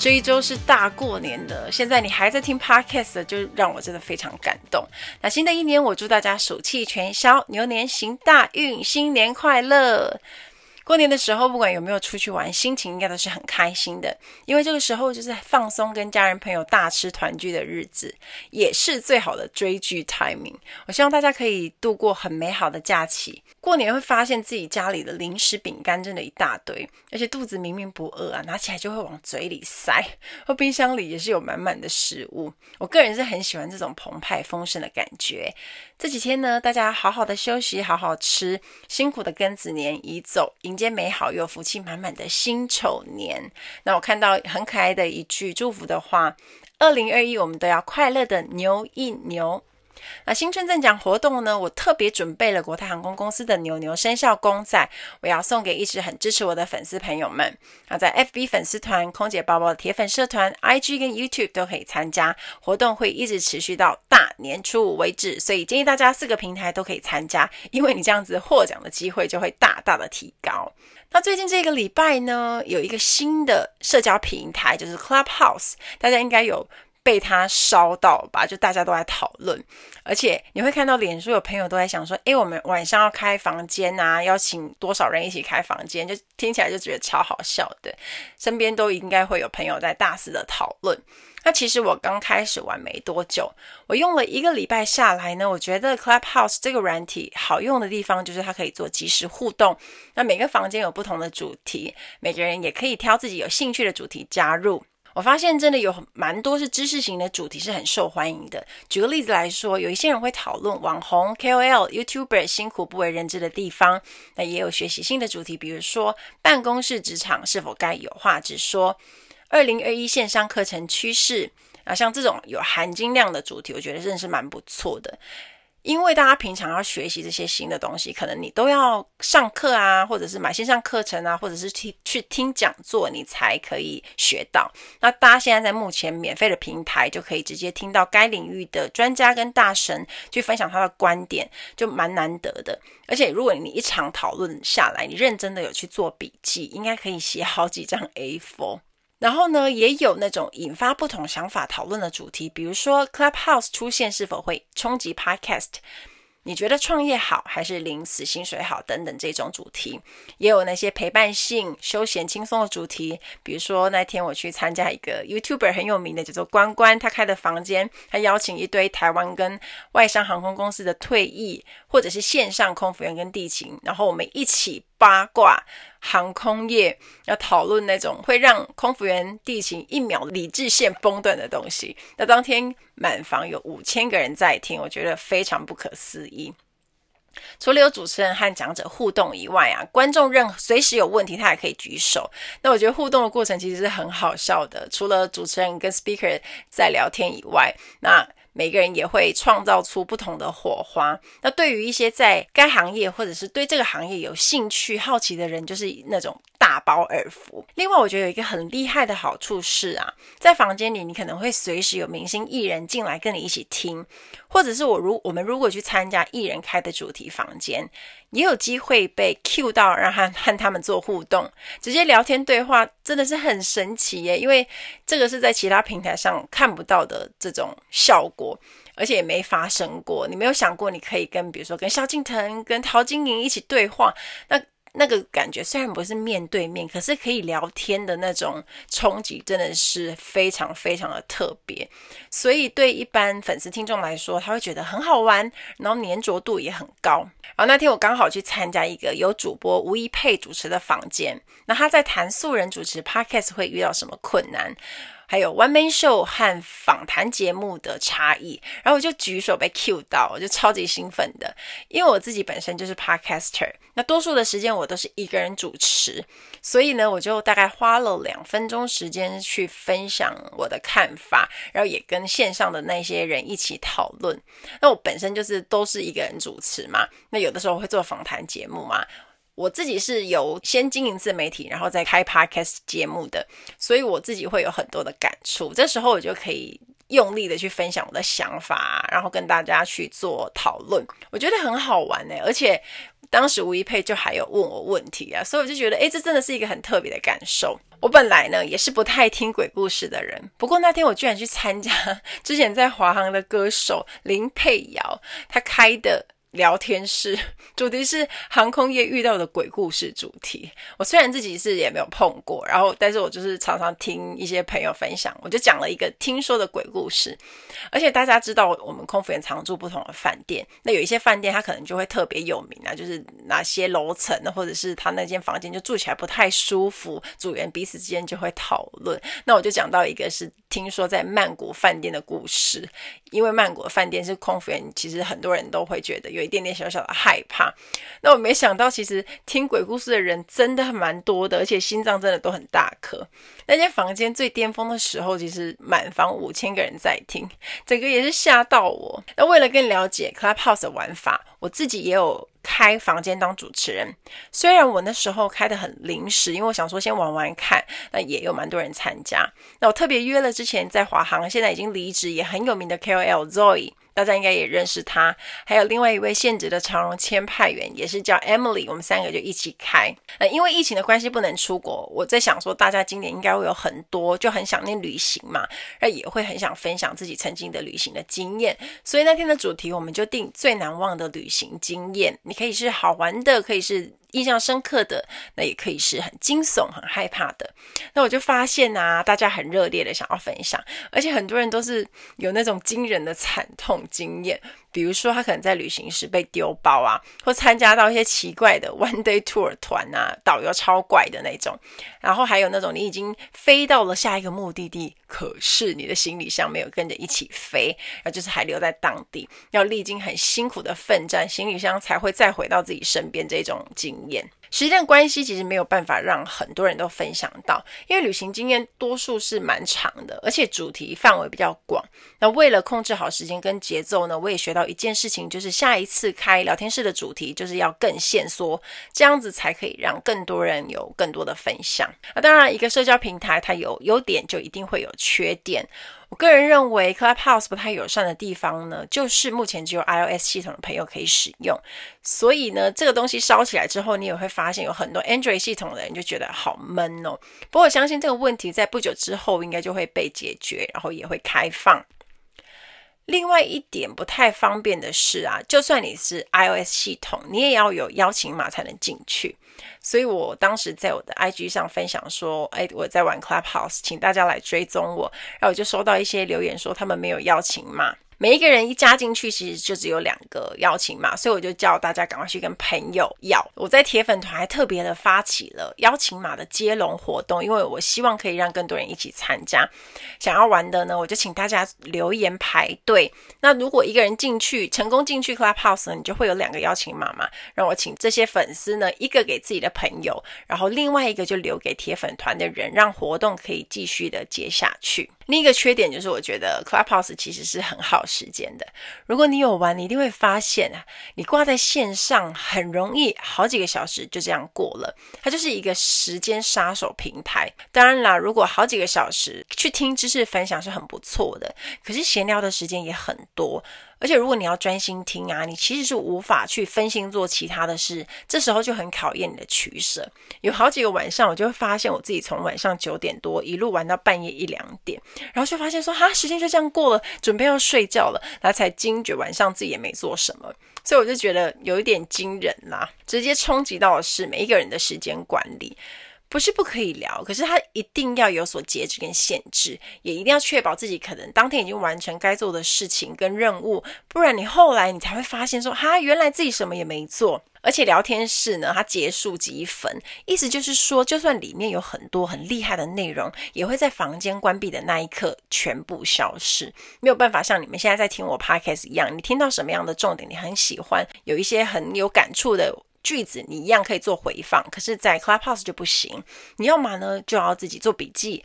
這一周是大過年的，現在你還在聽 podcast 的，就讓我真的非常感動。那新的一年，我祝大家暑氣全消，牛年行大運，新年快樂！過年的時候，不管有沒有出去玩，心情應該都是很開心的，因為這個時候就是放鬆跟家人朋友大吃團聚的日子，也是最好的追劇 timing。我希望大家可以度過很美好的假期。過年會發現自己家裡的零食、餅乾真的一大堆，而且肚子明明不餓啊，拿起來就會往嘴裡塞。或冰箱裡也是有滿滿的食物。我個人是很喜歡這種澎湃豐盛的感覺。這幾天呢，大家好好的休息，好好吃，辛苦的庚子年已走，迎接美好又福氣滿滿的辛丑年。那我看到很可愛的一句祝福的話：二零二一，我們都要快樂的牛一牛。那新春贈獎活動呢，我特別準備了國泰航空公司的牛牛生肖公仔，我要送給一直很支持我的粉絲朋友們。那在 FB 粉絲團、空姐報報的鐵粉社團、IG 跟 YouTube 都可以參加活動，會一直持續到大年初五為止。所以建議大家四個平台都可以參加，因為你這樣子獲獎的機會就會大大的提高。那最近這個禮拜呢，有一個新的社交平台，就是 Clubhouse，大家應該有。被他燒到吧，就大家都在討論，而且你會看到臉書有朋友都在想說：“誒、欸，我們晚上要開房間啊，邀請多少人一起開房間？”就聽起來就覺得超好笑的，身邊都應該會有朋友在大肆的討論。那其實我剛開始玩沒多久，我用了一個禮拜下來呢，我覺得 Clubhouse 這個軟體好用的地方就是它可以做即時互動。那每個房間有不同的主題，每個人也可以挑自己有興趣的主題加入。我發現真的有蠻多是知識型的主題是很受歡迎的。舉個例子來說，有一些人會討論網紅、KOL、YouTuber 辛苦不為人知的地方，那也有學習性的主題，比如說辦公室職場是否該有話直說，二零二一線上課程趨勢啊，像這種有含金量的主題，我覺得真的是蠻不錯的。因為大家平常要學習這些新的東西，可能你都要上課啊，或者是買線上課程啊，或者是去，去聽講座，你才可以學到。那大家現在在目前免費的平台，就可以直接聽到該領域的專家跟大神去分享他的觀點，就蠻難得的。而且如果你一場討論下來，你認真的有去做筆記，應該可以寫好幾張 A4。然後呢，也有那種引發不同想法討論的主題，比如說 Clubhouse 出現是否會衝擊 Podcast？你覺得創業好還是領死薪水好？等等這種主題，也有那些陪伴性、休閒輕鬆的主題，比如說那天我去參加一個 YouTuber 很有名的叫做關關他開的房間，他邀請一堆台灣跟外商航空公司的退役或者是線上空服員跟地勤，然後我們一起。八卦航空業，要討論那種會讓空服員地勤一秒理智線崩斷的東西，那當天滿房有五千個人在聽，我覺得非常不可思議。除了有主持人和講者互動以外啊，觀眾任隨時有問題他也可以舉手。那我覺得互動的過程其實是很好笑的。除了主持人跟 speaker 在聊天以外，那。每個人也會創造出不同的火花。那對於一些在該行業或者是對這個行業有興趣、好奇的人，就是那種。打包耳福。另外，我覺得有一個很厲害的好處是啊，在房間裡你可能會隨時有明星藝人進來跟你一起聽，或者是我如，我們如果去參加藝人開的主題房間，也有機會被 Q 到，讓他和他們做互動，直接聊天對話，真的是很神奇耶！因為這個是在其他平台上看不到的這種效果，而且也沒發生過。你沒有想過你可以跟比如說跟蕭敬騰、跟陶晶瑩一起對話，那。那個感覺雖然不是面對面，可是可以聊天的那種衝擊，真的是非常非常的特別。所以對一般粉絲聽眾來說，他會覺得很好玩，然後粘着度也很高。然後那天我剛好去參加一個由主播吳一佩主持的房間，那他在談素人主持 Podcast 會遇到什麼困難？還有 One Man Show 和訪談節目的差異，然後我就舉手被 cue 到，我就超級興奮的，因為我自己本身就是 Podcaster，那多數的時間我都是一個人主持，所以呢，我就大概花了兩分鐘時間去分享我的看法，然後也跟線上的那些人一起討論。那我本身就是都是一個人主持嘛，那有的時候會做訪談節目嘛。我自己是有先經營自媒體，然後再開 podcast 節目的，所以我自己會有很多的感觸。這時候我就可以用力的去分享我的想法，然後跟大家去做討論，我覺得很好玩哎。而且當時吳一沛就還有問我問題啊，所以我就覺得，哎，這真的是一個很特別的感受。我本來呢也是不太聽鬼故事的人，不過那天我居然去參加之前在華航的歌手林佩瑤她開的。聊天室主題是航空業遇到的鬼故事主題。我雖然自己是也沒有碰過，然後但是我就是常常聽一些朋友分享，我就講了一個聽說的鬼故事。而且大家知道我們空服員常住不同的飯店，那有一些飯店他可能就會特別有名啊，就是哪些樓層或者是他那間房間就住起來不太舒服，組員彼此之間就會討論。那我就講到一個是聽說在曼谷飯店的故事，因為曼谷的飯店是空服員，其實很多人都會覺得。有一點點小小的害怕，那我沒想到，其實聽鬼故事的人真的蠻多的，而且心臟真的都很大顆。那間房間最巔峰的時候，其實滿房五千個人在聽，整個也是嚇到我。那為了更了解 Clubhouse 的玩法，我自己也有開房間當主持人。雖然我那時候開得很臨時，因為我想說先玩玩看，那也有蠻多人參加。那我特別約了之前在華航現在已經離職也很有名的 KOL Zoe。大家應該也認識他，還有另外一位現職的長榮簽派員，也是叫 Emily。我們三個就一起開。呃，因為疫情的關係不能出國，我在想說大家今年應該會有很多，就很想念旅行嘛，那也會很想分享自己曾經的旅行的經驗。所以那天的主題我們就定最難忘的旅行經驗。你可以是好玩的，可以是。印象深刻的，那也可以是很驚悚、很害怕的。那我就發現啊，大家很熱烈的想要分享，而且很多人都是有那種驚人的慘痛經驗。比如說，他可能在旅行時被丟包啊，或參加到一些奇怪的 one day tour 團啊，導遊超怪的那種。然後還有那種你已經飛到了下一個目的地，可是你的行李箱沒有跟着一起飛，然後就是還留在當地，要歷經很辛苦的奮戰，行李箱才會再回到自己身邊這種經驗。時間關係，其實沒有辦法讓很多人都分享到，因為旅行經驗多數是蠻長的，而且主題範圍比較廣。那為了控制好時間跟節奏呢，我也學到。一件事情，就是下一次開聊天室的主題就是要更限縮，這樣子才可以讓更多人有更多的分享。那當然一個社交平台它有優點就一定會有缺點。我個人認為 Clubhouse 不太友善的地方呢，就是目前只有 iOS 系統的朋友可以使用，所以呢這個東西燒起來之後，你也會發現有很多 Android 系統的人就覺得好悶哦。不過我相信這個問題在不久之後應該就會被解決，然後也會開放。另外一點不太方便的是啊，就算你是 iOS 系統，你也要有邀請碼才能進去。所以我當時在我的 IG 上分享說：“哎，我在玩 Clubhouse，請大家來追蹤我。”然後我就收到一些留言說他們沒有邀請碼。每一個人一加進去，其實就只有兩個邀請碼，所以我就叫大家趕快去跟朋友要。我在鐵粉團還特別的發起了邀請碼的接龍活動，因為我希望可以讓更多人一起參加。想要玩的呢，我就請大家留言排隊。那如果一個人進去，成功進去 Clubhouse 呢，你就會有兩個邀請碼嘛。讓我請這些粉絲呢，一個給自己的朋友，然後另外一個就留給鐵粉團的人，讓活動可以繼續的接下去。另一個缺點就是，我覺得 Clubhouse 其實是很耗時間的。如果你有玩，你一定會發現啊，你掛在線上很容易好幾個小時就這樣過了。它就是一個時間殺手平台。當然啦，如果好幾個小時去聽知識分享是很不錯的，可是閒聊的時間也很多。而且如果你要專心聽啊，你其實是無法去分心做其他的事，這時候就很考驗你的取捨。有好幾個晚上，我就會發現我自己從晚上九點多一路玩到半夜一兩點，然後就發現說哈，時間就這樣過了，準備要睡覺了，他才驚覺晚上自己也沒做什麼。所以我就覺得有一點驚人啦、啊，直接衝擊到的是每一個人的時間管理。不是不可以聊，可是他一定要有所節制跟限制，也一定要確保自己可能當天已經完成該做的事情跟任務，不然你後來你才會發現說，哈，原來自己什麼也沒做。而且聊天室呢，它結束即焚，意思就是說，就算裡面有很多很厲害的內容，也會在房間關閉的那一刻全部消失，沒有辦法像你們現在在聽我 podcast 一樣，你聽到什麼樣的重點，你很喜歡，有一些很有感觸的。句子，你一樣可以做回放，可是，在 Clubhouse 就不行。你要嘛呢，就要自己做筆記。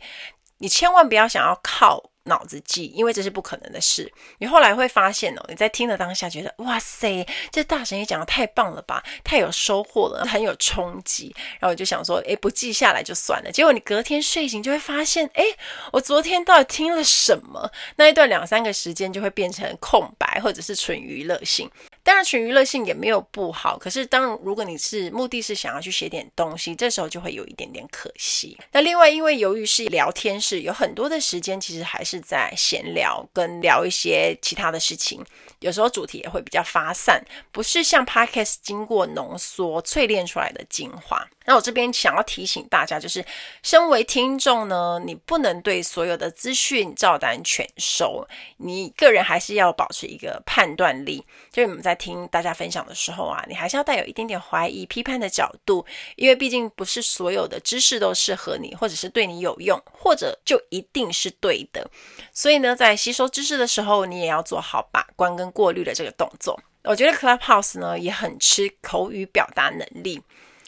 你千萬不要想要靠腦子記，因為這是不可能的事。你後來會發現哦，你在聽的當下覺得，哇塞，這大神也講得太棒了吧，太有收穫了，很有衝擊。然後我就想說，哎，不記下來就算了。結果你隔天睡醒就會發現，哎，我昨天到底聽了什麼？那一段兩三個時間就會變成空白，或者是純娛樂性。當然，純娛樂性也沒有不好。可是，當如果你是目的是想要去寫點東西，這時候就會有一點點可惜。那另外，因為由於是聊天室，有很多的時間其實還是在閒聊，跟聊一些其他的事情。有時候主題也會比較發散，不是像 podcast 經過濃縮、淬煉出來的精華。那我這邊想要提醒大家，就是身為聽眾呢，你不能對所有的資訊照單全收，你個人還是要保持一個判斷力。就是你們在聽大家分享的時候啊，你還是要帶有一點點懷疑、批判的角度，因為畢竟不是所有的知識都適合你，或者是對你有用，或者就一定是對的。所以呢，在吸收知識的時候，你也要做好把關跟過濾的這個動作。我覺得 Clubhouse 呢，也很吃口語表達能力。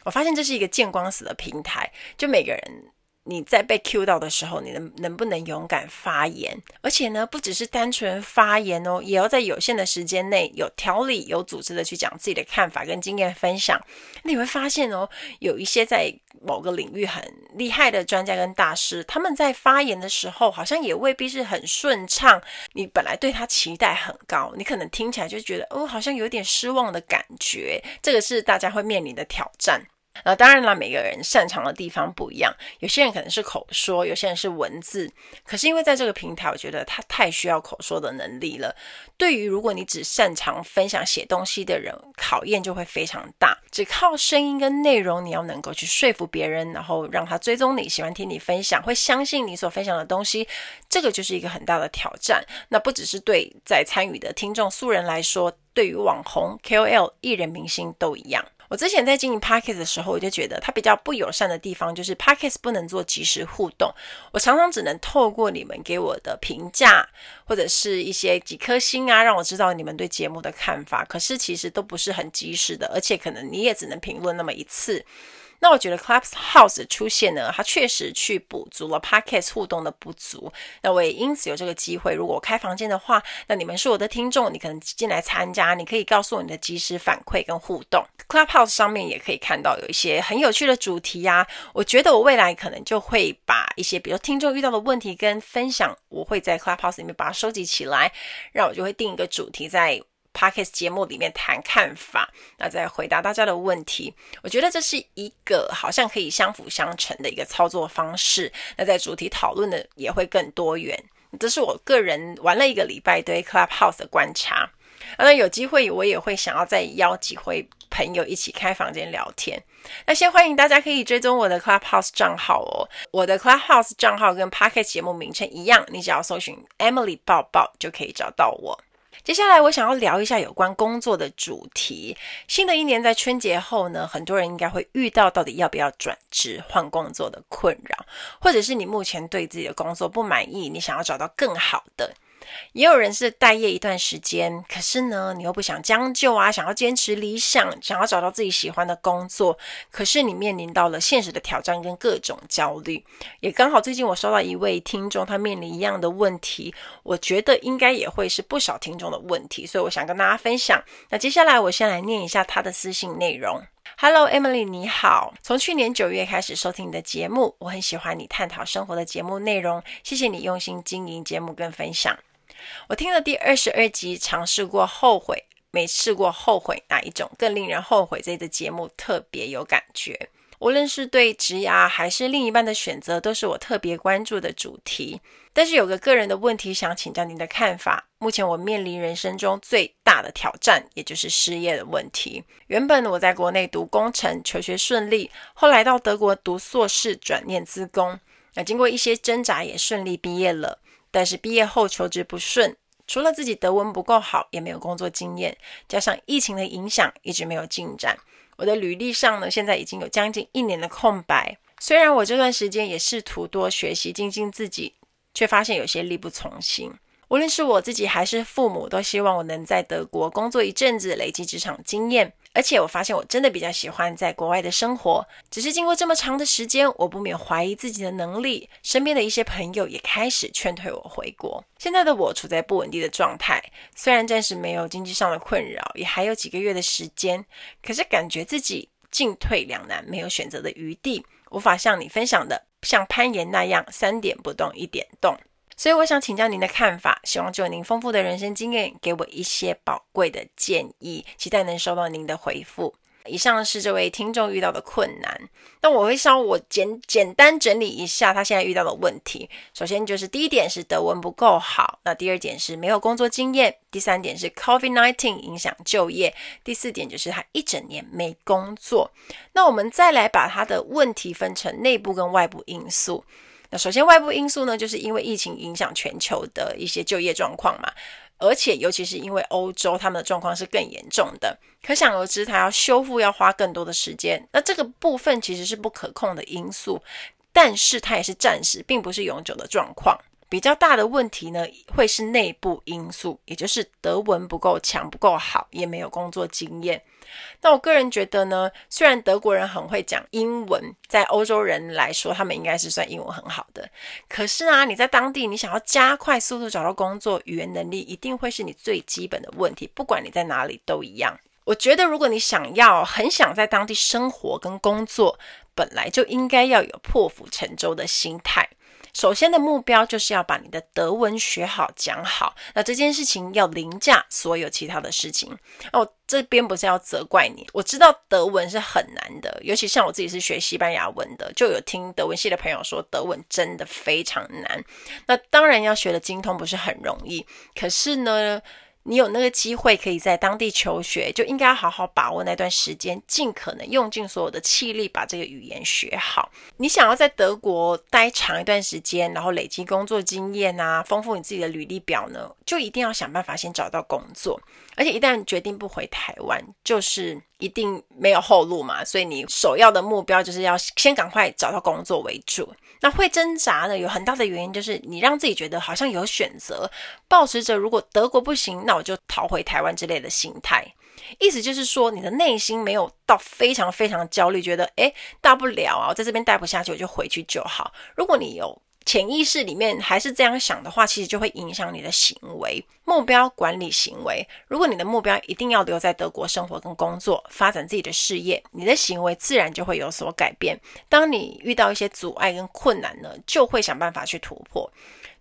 我發現這是一個見光死的平台，就每個人。你在被 cue 到的時候，你能能不能勇敢發言？而且呢，不只是單純發言哦，也要在有限的時間內有條理、有組織的去講自己的看法跟經驗分享。你會發現哦，有一些在某個領域很厲害的專家跟大師，他們在發言的時候，好像也未必是很順暢。你本來對他期待很高，你可能聽起來就覺得哦，好像有點失望的感覺。這個是大家會面臨的挑戰。那、啊、當然了，每個人擅長的地方不一樣。有些人可能是口說，有些人是文字。可是因為在這個平台，我覺得它太需要口說的能力了。對於如果你只擅長分享寫東西的人，考驗就會非常大。只靠聲音跟內容，你要能夠去說服別人，然後讓他追蹤你，喜歡聽你分享，會相信你所分享的東西，這個就是一個很大的挑戰。那不只是對在參與的聽眾素人來說，對於網紅、KOL、藝人、明星都一樣。我之前在經營 Podcast 的時候，我就覺得它比較不友善的地方，就是 Podcast 不能做即時互動。我常常只能透過你們給我的評價，或者是一些幾顆星啊，讓我知道你們對節目的看法。可是其實都不是很及時的，而且可能你也只能評論那麼一次。那我覺得 Clubhouse 出現呢，它確實去補足了 Podcast 互動的不足。那我也因此有這個機會，如果我開房間的話，那你們是我的聽眾，你可能進來參加，你可以告訴我你的即時反饋跟互動。Clubhouse 上面也可以看到有一些很有趣的主題呀、啊。我覺得我未來可能就會把一些，比如聽眾遇到的問題跟分享，我會在 Clubhouse 裡面把它收集起來，讓我就會定一個主題在。Podcast 節目裡面談看法，那再回答大家的問題，我覺得這是一個好像可以相輔相成的一個操作方式。那在主題討論的也會更多元，這是我個人玩了一個禮拜對 Clubhouse 的觀察。那有機會我也會想要再邀幾回朋友一起開房間聊天。那先歡迎大家可以追蹤我的 Clubhouse 賬號哦，我的 Clubhouse 賬號跟 Podcast 節目名稱一樣，你只要搜尋 Emily 報報就可以找到我。接下來我想要聊一下有關工作的主題。新的一年在春節後呢，很多人應該會遇到到底要不要轉職換工作的困擾，或者是你目前對自己的工作不滿意，你想要找到更好的。也有人是待業一段時間，可是呢，你又不想將就啊，想要堅持理想，想要找到自己喜歡的工作，可是你面臨到了現實的挑戰跟各種焦慮。也剛好最近我收到一位聽眾，他面臨一樣的問題，我覺得應該也會是不少聽眾的問題，所以我想跟大家分享。那接下來我先來念一下他的私信內容：Hello, Emily，你好，從去年九月開始收聽你的節目，我很喜歡你探討生活的節目內容，謝謝你用心經營節目跟分享。我聽了第二十二集，嘗試過後悔，沒試過後悔，哪一種更令人後悔？這集節目特別有感覺。無論是對職涯，還是另一半的選擇，都是我特別關注的主題。但是有個個人的問題想請教您的看法。目前我面臨人生中最大的挑戰，也就是失業的問題。原本我在國內讀工程，求學順利，後來到德國讀碩士，轉念資工，那、啊、經過一些掙扎，也順利畢業了。但是畢業後求職不順，除了自己德文不夠好，也沒有工作經驗，加上疫情的影響，一直沒有進展。我的履歷上呢，現在已經有將近一年的空白。雖然我這段時間也試圖多學習、精進自己，卻發現有些力不從心。無論是我自己還是父母，都希望我能在德國工作一陣子，累積職場經驗。而且我發現我真的比較喜歡在國外的生活，只是經過這麼長的時間，我不免懷疑自己的能力，身邊的一些朋友也開始勸退我回國。現在的我處在不穩定的狀態，雖然暫時沒有經濟上的困擾，也還有幾個月的時間，可是感覺自己進退兩難，沒有選擇的餘地，無法像你分享的，像攀岩那樣，三點不動，一點動。所以我想請教您的看法，希望就您豐富的人生經驗，給我一些寶貴的建議。期待能收到您的回復。以上是這位聽眾遇到的困難。那我會稍我簡簡單整理一下他現在遇到的問題。首先就是第一點是德文不夠好，那第二點是沒有工作經驗，第三點是 COVID-19 影響就業，第四點就是他一整年沒工作。那我們再來把他的問題分成內部跟外部因素。那首先，外部因素呢，就是因為疫情影響全球的一些就業狀況嘛，而且尤其是因為歐洲他們的狀況是更嚴重的，可想而知，它要修復要花更多的時間。那這個部分其實是不可控的因素，但是它也是暫時，並不是永久的狀況。比較大的問題呢，會是內部因素，也就是德文不夠強、不夠好，也沒有工作經驗。那我個人覺得呢，雖然德國人很會講英文，在歐洲人來說，他們應該是算英文很好的。可是啊，你在當地，你想要加快速度找到工作，語言能力一定會是你最基本的問題，不管你在哪裡都一樣。我覺得，如果你想要，很想在當地生活跟工作，本來就應該要有破釜沉舟的心態。首先的目標就是要把你的德文學好講好，那這件事情要凌駕所有其他的事情哦。啊，我這邊不是要責怪你，我知道德文是很難的，尤其像我自己是學西班牙文的，就有聽德文系的朋友說德文真的非常難。那當然要學的精通不是很容易，可是呢。你有那個機會可以在當地求學，就應該要好好把握那段時間，盡可能用盡所有的氣力把這個語言學好。你想要在德國待長一段時間，然後累積工作經驗啊，豐富你自己的履歷表呢，就一定要想辦法先找到工作。而且一旦決定不回台灣，就是一定沒有後路嘛，所以你首要的目標就是要先趕快找到工作為主。那會掙扎呢，有很大的原因就是你讓自己覺得好像有選擇，抱持着如果德國不行，那我就逃回台灣之類的心態，意思就是說你的內心沒有到非常非常焦慮，覺得誒、欸，大不了啊，我在這邊待不下去，我就回去就好。如果你有。潛意識裡面還是這樣想的話，其實就會影響你的行為、目標管理行為。如果你的目標一定要留在德國生活跟工作，發展自己的事業，你的行為自然就會有所改變。當你遇到一些阻礙跟困難呢，就會想辦法去突破。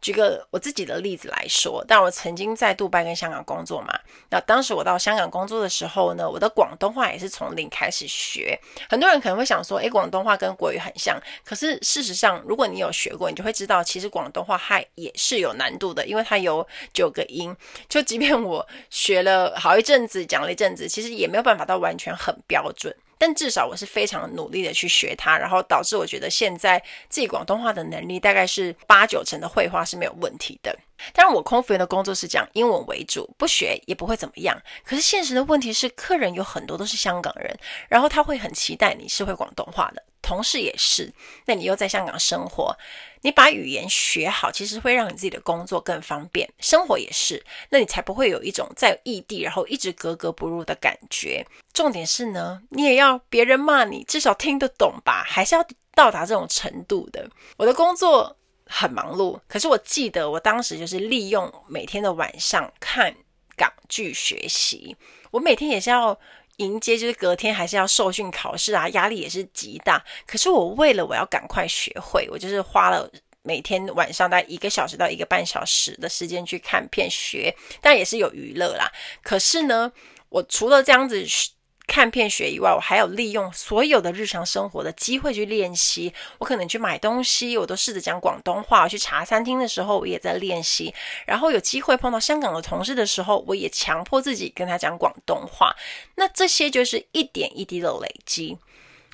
舉個我自己的例子來說，但我曾經在杜拜跟香港工作嘛。那當時我到香港工作的時候呢，我的廣東話也是從零開始學。很多人可能會想說，哎，廣東話跟國語很像。可是事實上，如果你有學過，你就會知道，其實廣東話還也是有難度的，因為它有九個音。就即便我學了好一陣子，講了一陣子，其實也沒有辦法到完全很標準。但至少我是非常努力的去學它，然後導致我覺得現在自己廣東話的能力大概是八九成的會話是沒有問題的。當然，我空服員的工作是講英文為主，不學也不會怎麼樣。可是現實的問題是，客人有很多都是香港人，然後他會很期待你是會廣東話的，同事也是。那你又在香港生活，你把語言學好，其實會讓你自己的工作更方便，生活也是。那你才不會有一種在異地然後一直格格不入的感覺。重點是呢，你也要別人罵你，至少聽得懂吧，還是要到達這種程度的。我的工作，很忙碌，可是我記得我當時就是利用每天的晚上看港劇學習。我每天也是要迎接，就是隔天還是要受訓考試啊，壓力也是極大。可是我為了我要趕快學會，我就是花了每天晚上大概一個小時到一個半小時的時間去看片學，但也是有娛樂啦。可是呢，我除了這樣子。看片學以外，我還有利用所有的日常生活的機會去練習。我可能去買東西，我都試着講廣東話；我去茶餐廳的時候，我也在練習。然後有機會碰到香港的同事的時候，我也強迫自己跟他講廣東話。那這些就是一點一滴的累積。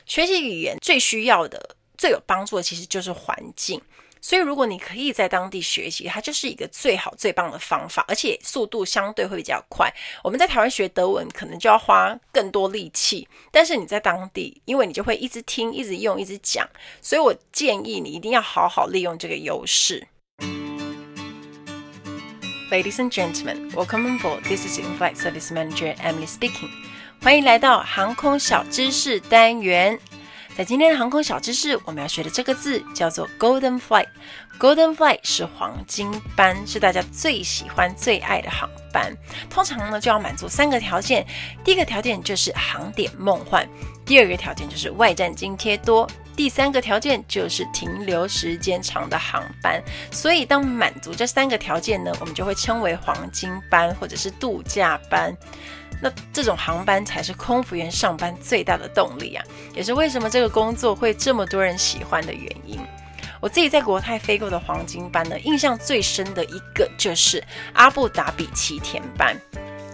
學習語言最需要的、最有幫助的，其實就是環境。所以，如果你可以在當地學習，它就是一個最好、最棒的方法，而且速度相對會比較快。我們在台灣學德文，可能就要花更多力氣，但是你在當地，因為你就會一直聽、一直用、一直講，所以我建議你一定要好好利用這個優勢。Ladies and gentlemen, welcome aboard. This is Inflight Service Manager Emily speaking. 歡迎來到航空小知識單元。在今天的航空小知識，我們要學的這個字叫做 Golden Flight。Golden Flight 是黃金班，是大家最喜歡、最愛的航班。通常呢，就要滿足三個條件。第一個條件就是航點夢幻，第二個條件就是外站津貼多。第三個條件就是停留時間長的航班，所以當滿足這三個條件呢，我們就會稱為黃金班或者是度假班。那這種航班才是空服員上班最大的動力啊，也是為什麼這個工作會這麼多人喜歡的原因。我自己在國泰飛過的黃金班呢，印象最深的一個就是阿布達比七天班。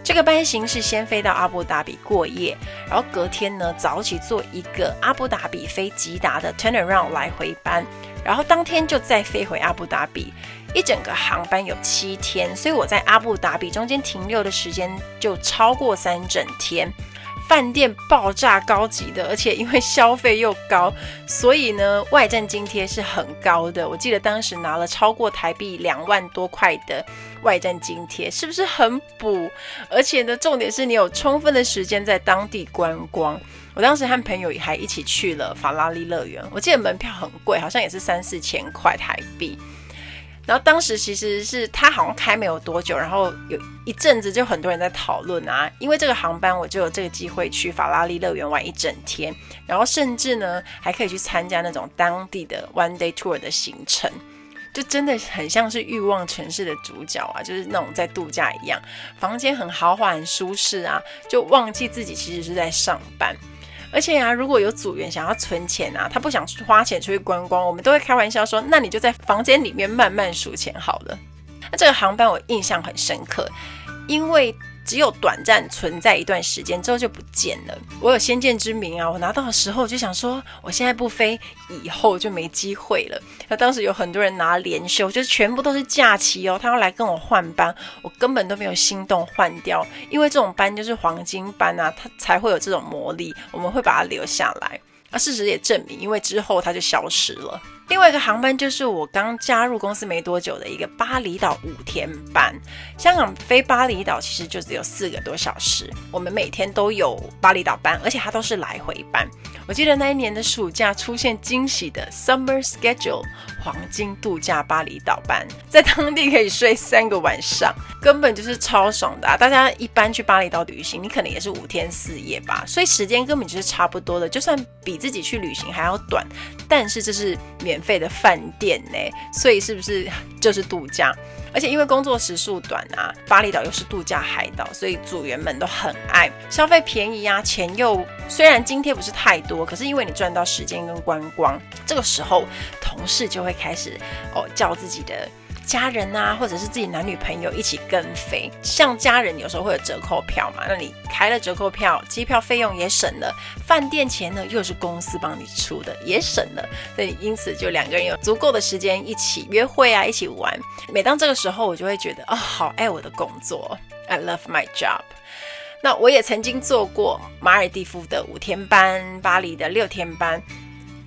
這個班型是先飛到阿布達比過夜，然後隔天呢，早起做一個阿布達比飛吉達的 turnaround 來回班，然後當天就再飛回阿布達比。一整個航班有七天，所以我在阿布達比中間停留的時間就超過三整天。飯店爆炸高級的，而且因為消費又高，所以呢，外站津貼是很高的。我記得當時拿了超過台幣兩萬多塊的外站津貼，是不是很補？而且呢，重點是你有充分的時間在當地觀光。我當時和朋友還一起去了法拉利樂園，我記得門票很貴，好像也是三四千塊台幣。然後當時其實是他好像開沒有多久，然後有一陣子就很多人在討論啊，因為這個航班我就有這個機會去法拉利樂園玩一整天，然後甚至呢還可以去參加那種當地的 one day tour 的行程，就真的很像是欲望城市的主角啊，就是那種在度假一樣，房間很豪華很舒適啊，就忘記自己其實是在上班。而且啊，如果有組員想要存錢啊，他不想花錢出去觀光，我們都會開玩笑說，那你就在房間裡面慢慢數錢好了。那這個航班我印象很深刻，因為。只有短暫存在一段時間之後就不見了。我有先見之明啊，我拿到的時候就想說，我現在不飛，以後就沒機會了。那當時有很多人拿了連休，就是全部都是假期哦，他要來跟我換班，我根本都沒有心動換掉，因為這種班就是黃金班啊，他才會有這種魔力，我們會把它留下來。而、啊、事實也證明，因為之後它就消失了。另外一個航班就是我剛加入公司沒多久的一個巴厘島五天班，香港飛巴厘島其實就只有四個多小時。我們每天都有巴厘島班，而且它都是來回班。我記得那一年的暑假出現驚喜的 Summer Schedule 黃金度假巴厘島班，在當地可以睡三個晚上，根本就是超爽的啊！大家一般去巴厘島旅行，你可能也是五天四夜吧，所以時間根本就是差不多的，就算比自己去旅行還要短，但是這是免。費的飯店呢，所以是不是就是度假？而且因為工作時數短啊，巴厘島又是度假海島，所以組員們都很愛消費便宜啊，錢又雖然津貼不是太多，可是因為你賺到時間跟觀光，這個時候同事就會開始，哦，叫自己的。家人啊，或者是自己男女朋友一起跟飛，像家人有時候會有折扣票嘛，那你開了折扣票，機票費用也省了，飯店錢呢又是公司幫你出的，也省了，所以因此就兩個人有足夠的時間一起約會啊，一起玩。每當這個時候，我就會覺得哦，好愛我的工作，I love my job。那我也曾經做過馬爾地夫的五天班，巴黎的六天班。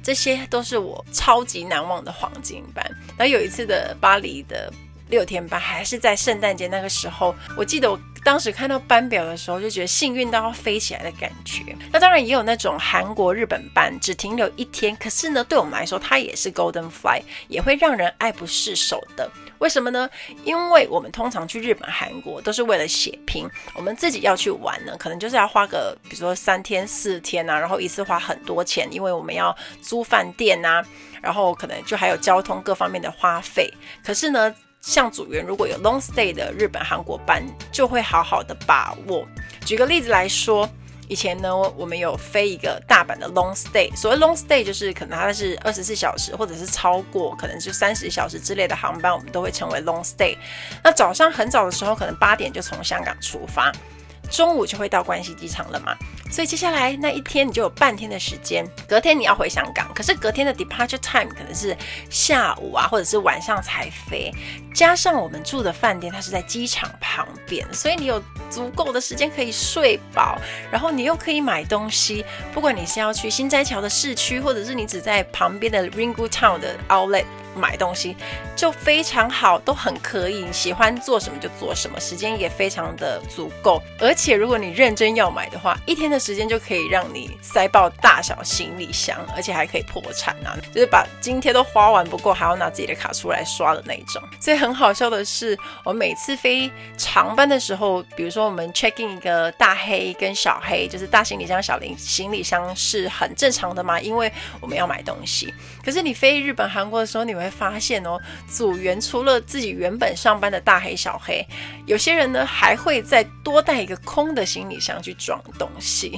這些都是我超級難忘的黃金班，然後有一次的巴黎的六天班，還是在聖誕節那個時候，我記得我當時看到班表的時候，就覺得幸運到要飛起來的感覺。那當然也有那種韓國、日本班只停留一天，可是呢，對我們來說它也是 Golden Fly，也會讓人愛不釋手的。為什麼呢？因為我們通常去日本、韓國都是為了血拼，我們自己要去玩呢，可能就是要花個，比如說三天四天啊，然後一次花很多錢，因為我們要租飯店啊，然後可能就還有交通各方面的花費。可是呢，像組員如果有 long stay 的日本、韓國班，就會好好的把握。舉個例子來說。以前呢，我，我們有飛一個大阪的 long stay。所謂 long stay 就是可能它是二十四小時，或者是超過可能就三十小時之類的航班，我們都會稱為 long stay。那早上很早的時候，可能八點就從香港出發，中午就會到關西機場了嘛。所以接下來那一天你就有半天的時間，隔天你要回香港，可是隔天的 departure time 可能是下午啊，或者是晚上才飛。加上我們住的飯店它是在機場旁邊，所以你有足夠的時間可以睡飽，然後你又可以買東西。不管你是要去心齋橋的市區，或者是你只在旁邊的 Rinku Town 的 outlet 買東西，就非常好，都很可以。喜歡做什麼就做什麼，時間也非常的足夠。而且如果你認真要買的話，一天的時間就可以讓你塞爆大小行李箱，而且還可以破產啊！就是把津貼都花完不，不過還要拿自己的卡出來刷的那種。所以很好笑的是，我每次飛長班的時候，比如說我們 check in 一個大黑跟小黑，就是大行李箱、小零行李箱是很正常的嘛，因為我們要買東西。可是你飛日本、韓國的時候，你會發現哦，組員除了自己原本上班的大黑、小黑，有些人呢還會再多帶一個空的行李箱去裝東西。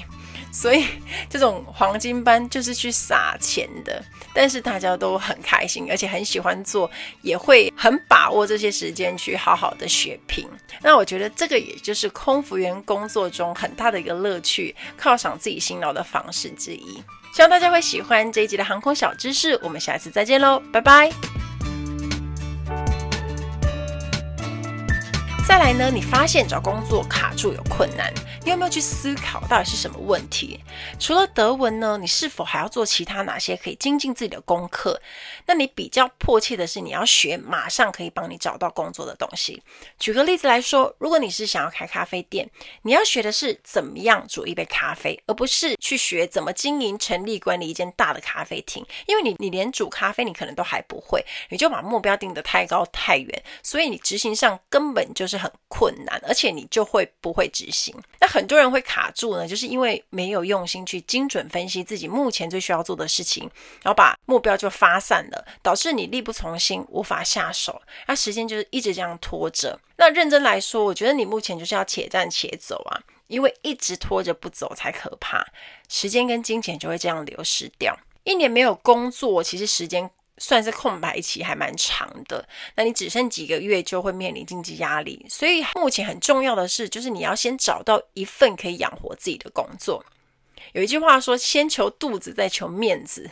所以，這種黃金班就是去撒錢的，但是大家都很開心，而且很喜歡做，也會很把握這些時間去好好的血拼。那我覺得這個也就是空服員工作中很大的一個樂趣，犒賞自己辛勞的方式之一。希望大家會喜歡這一集的航空小知識，我們下次再見嘍，拜拜。再來呢，你發現找工作卡住有困難，你有沒有去思考到底是什麼問題？除了德文呢，你是否還要做其他哪些可以精進自己的功課？那你比較迫切的是你要學馬上可以幫你找到工作的東西。舉個例子來說，如果你是想要開咖啡店，你要學的是怎麼樣煮一杯咖啡，而不是去學怎麼經營、成立、管理一間大的咖啡廳。因為你你連煮咖啡你可能都還不會，你就把目標定得太高太遠，所以你執行上根本就是。是很困難，而且你就會不會執行。那很多人會卡住呢，就是因為沒有用心去精準分析自己目前最需要做的事情，然後把目標就發散了，導致你力不從心，無法下手。那，啊，時間就是一直這樣拖着。那認真來說，我覺得你目前就是要且戰且走啊，因為一直拖着不走才可怕，時間跟金錢就會這樣流失掉。一年沒有工作，其實時間。算是空白期還蠻長的，那你只剩幾個月就會面臨經濟壓力，所以目前很重要的是，就是你要先找到一份可以養活自己的工作。有一句話說，先求肚子，再求面子。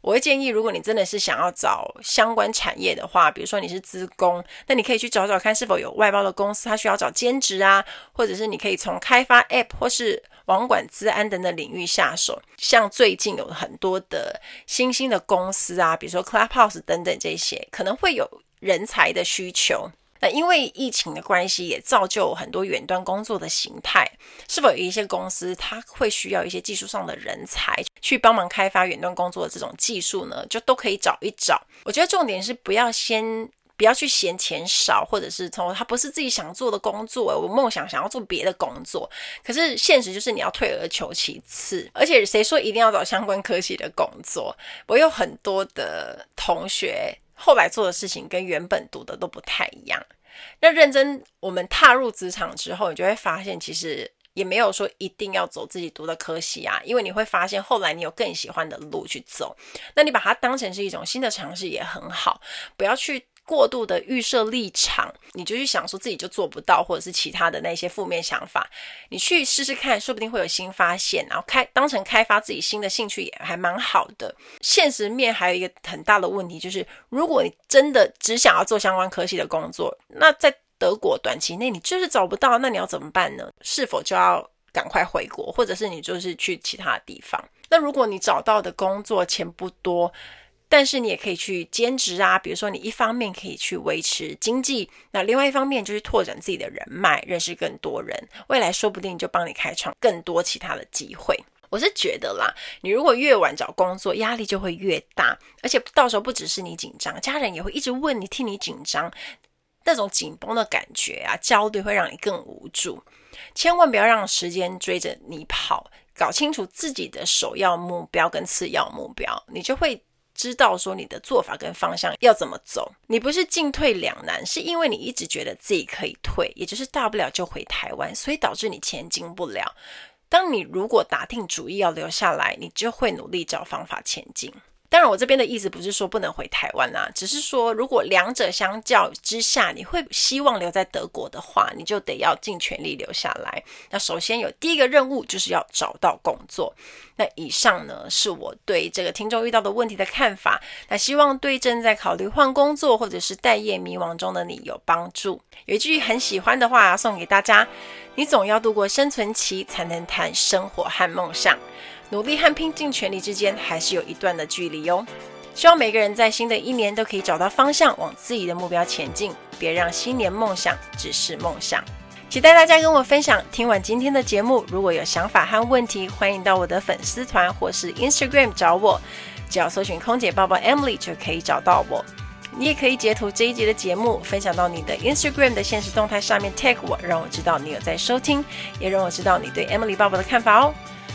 我會建議，如果你真的是想要找相關產業的話，比如說你是資工，那你可以去找找看是否有外包的公司，他需要找兼職啊，或者是你可以從開發 App 或是。網管、資安等等領域下手，像最近有很多的新興的公司啊，比如說 Clubhouse 等等這些，可能會有人才的需求。那因為疫情的關係，也造就很多遠端工作的形態，是否有一些公司它會需要一些技術上的人才去幫忙開發遠端工作的這種技術呢？就都可以找一找。我覺得重點是不要先。不要去嫌錢少，或者是從他不是自己想做的工作，欸，我夢想想要做別的工作，可是現實就是你要退而求其次。而且誰說一定要找相關科系的工作？我有很多的同學後來做的事情跟原本讀的都不太一樣。那認真，我們踏入職場之後，你就會發現其實也沒有說一定要走自己讀的科系啊，因為你會發現後來你有更喜歡的路去走。那你把它當成是一種新的嘗試也很好，不要去。過度的預設立場，你就去想說自己就做不到，或者是其他的那些負面想法，你去試試看，說不定會有新發現，然後開當成開發自己新的興趣也還蠻好的。現實面還有一個很大的問題就是，如果你真的只想要做相關科系的工作，那在德國短期內你就是找不到，那你要怎麼辦呢？是否就要趕快回國，或者是你就是去其他的地方？那如果你找到的工作錢不多，但是你也可以去兼職啊，比如說你一方面可以去維持經濟，那另外一方面就是拓展自己的人脈，認識更多人，未來說不定就幫你開創更多其他的機會。我是覺得啦，你如果越晚找工作，壓力就會越大，而且到時候不只是你緊張，家人也會一直問你，替你緊張，那種緊繃的感覺啊，焦慮會讓你更無助。千萬不要讓時間追着你跑，搞清楚自己的首要目標跟次要目標，你就會知道說你的做法跟方向要怎麼走，你不是進退兩難，是因為你一直覺得自己可以退，也就是大不了就回台灣，所以導致你前進不了。當你如果打定主意要留下來，你就會努力找方法前進。當然，我這邊的意思不是說不能回台灣啦，啊，只是說如果兩者相較之下，你會希望留在德國的話，你就得要盡全力留下來。那首先有第一個任務就是要找到工作。那以上呢，是我對這個聽眾遇到的問題的看法。那希望對正在考慮換工作或者是待業迷茫中的你有幫助。有一句很喜歡的話要送給大家：你總要度過生存期，才能談生活和夢想。努力和拼盡全力之間還是有一段的距離哦。希望每個人在新的一年都可以找到方向，往自己的目標前進，別讓新年夢想只是夢想。期待大家跟我分享。聽完今天的節目，如果有想法和問題，歡迎到我的粉絲團或是 Instagram 找我，只要搜尋空姐報報 Emily 就可以找到我。你也可以截圖這一集的節目，分享到你的 Instagram 的限時動態上面 tag 我，讓我知道你有在收聽，也讓我知道你對 Emily 報報的看法哦。